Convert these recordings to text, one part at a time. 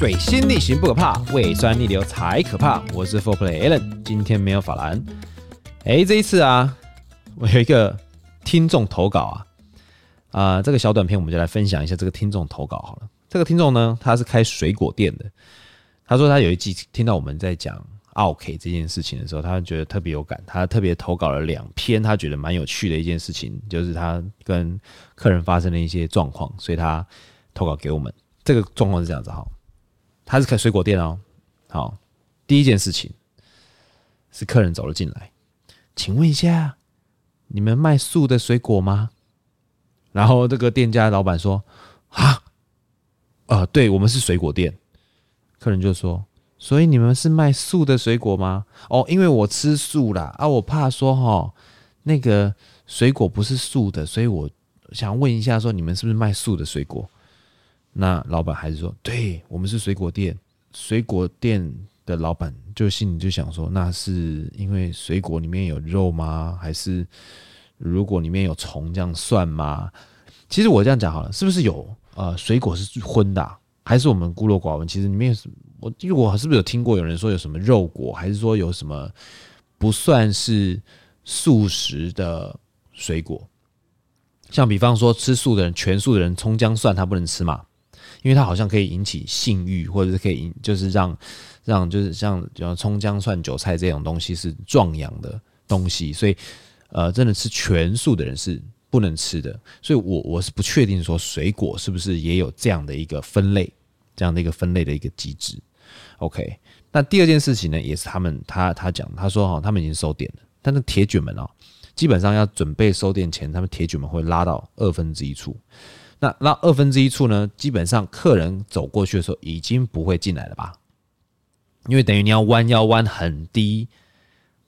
水星逆行不可怕，胃酸逆流才可怕。我是 Fourplay Allen，今天沒有法蘭。誒，這一次啊，我有一個聽眾投稿啊，啊、呃，這個小短片我們就來分享一下這個聽眾投稿好了。這個聽眾呢，他是開水果店的，他說他有一集聽到我們在講 OK 這件事情的時候，他覺得特別有感，他特別投稿了兩篇，他覺得蠻有趣的一件事情，就是他跟客人發生的一些狀況，所以他投稿給我們。這個狀況是這樣子哈。他是開水果店哦，好，第一件事情是客人走了進來，請問一下，你們賣素的水果嗎？然後這個店家老闆說啊，呃，對，我們是水果店。客人就說，所以你們是賣素的水果嗎？哦，因為我吃素啦，啊，我怕說哈、哦，那個水果不是素的，所以我想問一下，說你們是不是賣素的水果？那老闆還是說，對，我們是水果店，水果店的老闆就心裡就想說，那是因為水果裡面有肉嗎？還是如果裡面有蟲這樣算嗎？其實我這樣講好了，是不是有呃水果是葷的啊？還是我們孤陋寡聞？們其實裡面是，我，因為我是不是有聽過有人說有什麼肉果，還是說有什麼不算是素食的水果？像比方說吃素的人，全素的人，蔥薑蒜他不能吃嘛？因為它好像可以引起性慾，或者是可以引，就是讓讓就是像像蔥薑蒜韭菜這種東西是壯陽的東西，所以呃，真的吃全素的人是不能吃的。所以我，我我是不確定說水果是不是也有這樣的一個分類，這樣的一個分類的一個機制。OK，那第二件事情呢，也是他們他他講，他說哈、哦，他們已經收點了，但是鐵捲門啊、哦，基本上要準備收店前，他們鐵捲門會拉到二分之一處。那那二分之一處呢？基本上客人走過去的時候，已經不會進來了吧？因為等於你要彎腰彎很低，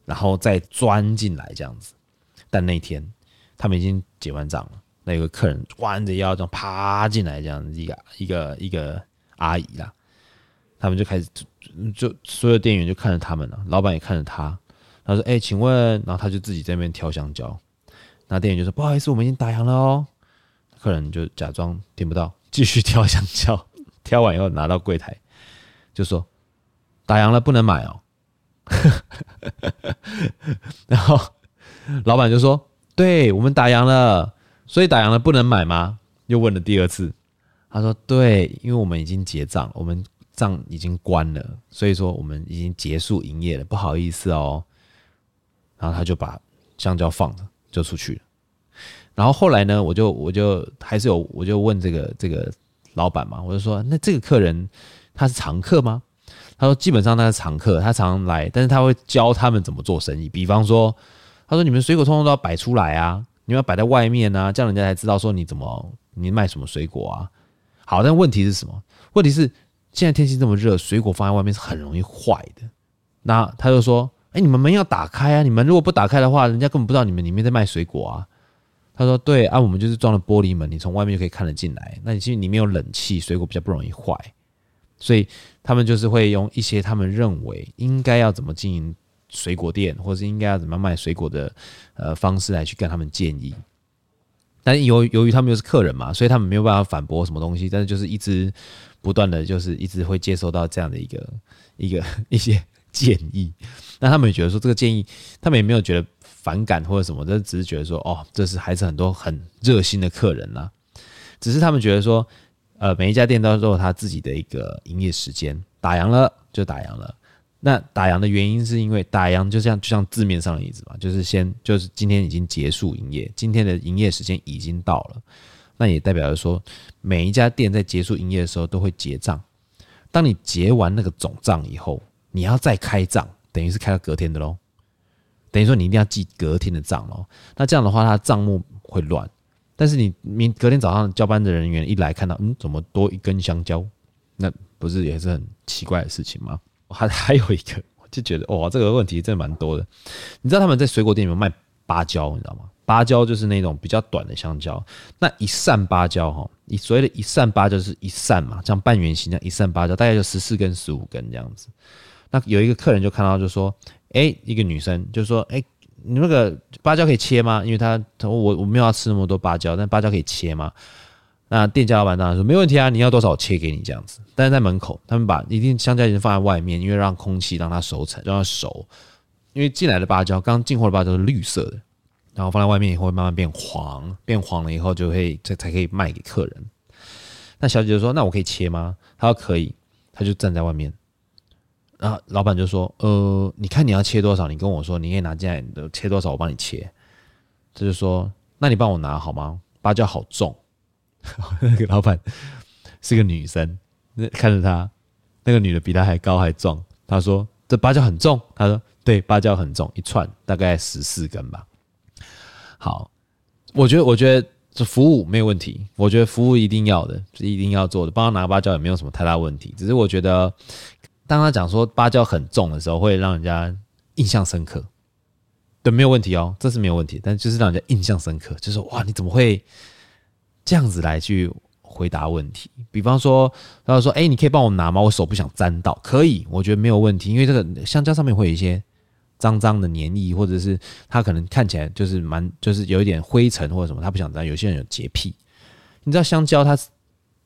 然後再鑽進來這樣子。但那天他們已經結完賬了，那有個客人彎着腰這樣啪進來這樣子，一個一個一個阿姨啦，他們就開始就，就，就所有店員就看着他們了，老板也看着他，他說：“誒、欸，請問？”然後他就自己在那邊挑香蕉，那店員就說：“不好意思，我們已經打烊了哦。”客人就假裝聽不到，繼續挑香蕉，挑完以後拿到櫃台，就說：“打烊了，不能買哦。 ”然後老板就說：“對，我們打烊了，所以打烊了不能買嗎？”又問了第二次，他說：“對，因為我們已經結賬，我們賬已經關了，所以說我們已經結束營業了，不好意思哦。”然後他就把香蕉放着就出去了。然後後來呢，我就我就還是有，我就問這個這個老闆嘛，我就說，那這個客人他是常客嗎？他說基本上他是常客，他常來，但是他會教他們怎麼做生意。比方說，他說你們水果通通都要擺出來啊，你們要擺在外面啊，這樣人家才知道說你怎麼你賣什麼水果啊。好，但問題是什麼？問題是現在天氣這麼熱，水果放在外面是很容易壞的。那他就說，哎，你們門要打開啊，你們如果不打開的話，人家根本不知道你們裡面在賣水果啊。他說對：“對啊，我們就是裝了玻璃門，你從外面就可以看得進來。那你其實裡面有冷氣，水果比較不容易壞，所以他們就是會用一些他們認為應該要怎麼經營水果店，或是應該要怎麼樣賣水果的呃方式來去跟他們建議。但是由由於他們又是客人嘛，所以他們沒有辦法反駁什麼東西，但是就是一直不斷的，就是一直會接收到這樣的一個一個一些建議。那他們也覺得說這個建議，他們也沒有覺得。”反感或者什麼，這只是覺得說，哦，這是還是很多很熱心的客人啦、啊。只是他們覺得說，呃，每一家店都有他自己的一個營業時間，打烊了就打烊了。那打烊的原因是因為打烊就像就像字面上的意思嘛，就是先就是今天已經結束營業，今天的營業時間已經到了，那也代表着說，每一家店在結束營業的時候都會結賬。當你結完那個總賬以後，你要再開賬，等於是開到隔天的嘍。等於說你一定要記隔天的賬哦。那這樣的話，他賬目會亂。但是你明隔天早上交班的人員一來看到，嗯，怎麼多一根香蕉？那不是也是很奇怪的事情嗎？還還有一個，我就覺得哇，這個問題真的蠻多的。你知道他們在水果店裡面賣芭蕉，你知道嗎？芭蕉就是那種比較短的香蕉。那一扇芭蕉哈，你所謂的一扇芭蕉是一扇嘛，像半圓形的一扇芭蕉大概就十四根、十五根這樣子。那有一個客人就看到就說。誒、欸，一個女生就說：“誒、欸，你那個芭蕉可以切嗎？因為她她我我沒有要吃那麼多芭蕉，但芭蕉可以切嗎？”那店家老闆當然說：“沒問題啊，你要多少我切給你這樣子。”但是在門口，他們把一定香蕉已經放在外面，因為讓空氣讓它熟成，讓它熟。因為進來的芭蕉，剛進貨的芭蕉是綠色的，然後放在外面以後會慢慢變黃，變黃了以後就可以才才可以賣給客人。那小姐就說：“那我可以切嗎？”她說：“可以。”她就站在外面。然後老闆就說：“呃，你看你要切多少，你跟我說，你可以拿進來，切多少我幫你切。”他就說：“那你幫我拿好嗎？芭蕉好重。 ”那個老闆是個女生，那看着她，那個女的比她還高還壯。他說：“這芭蕉很重。”他說：“對，芭蕉很重，一串大概十四根吧。”好，我覺得，我覺得這服務沒有問題。我覺得服務一定要的，是一定要做的，幫他拿芭蕉也沒有什麼太大問題。只是我覺得。當他講說芭蕉很重的時候，會讓人家印象深刻。對，沒有問題哦，這是沒有問題，但就是讓人家印象深刻，就是哇，你怎麼會這樣子來去回答問題？比方說，他說：“誒，你可以幫我拿嗎？我手不想沾到。”可以，我覺得沒有問題，因為這個香蕉上面會有一些髒髒的黏膩，或者是它可能看起來就是蠻就是有一點灰塵或者什麼，他不想沾。有些人有潔癖，你知道香蕉它。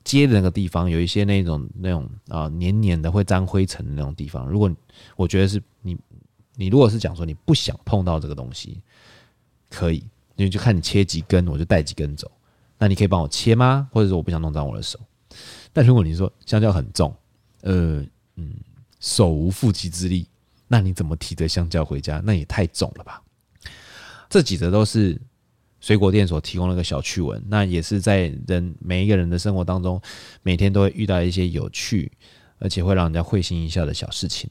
接的那個地方，有一些那種那種啊黏黏的會沾灰塵的那種地方，如果我覺得是你，你如果是講說你不想碰到這個東西，可以，因為就看你切幾根，我就帶幾根走。那你可以幫我切嗎？或者說我不想弄髒我的手？但如果你說香蕉很重，呃，嗯，手無縛雞之力，那你怎麼提着香蕉回家？那也太重了吧？這幾則都是。水果店所提供的一個小趣聞，那也是在人每一個人的生活當中，每天都會遇到一些有趣，而且會讓人家會心一笑的小事情。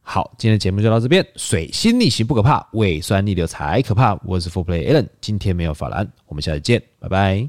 好，今天的節目就到這邊，水星逆行不可怕，胃酸逆流才可怕。我是 Fourplay Allen，今天沒有法蘭，我們下次見，拜拜。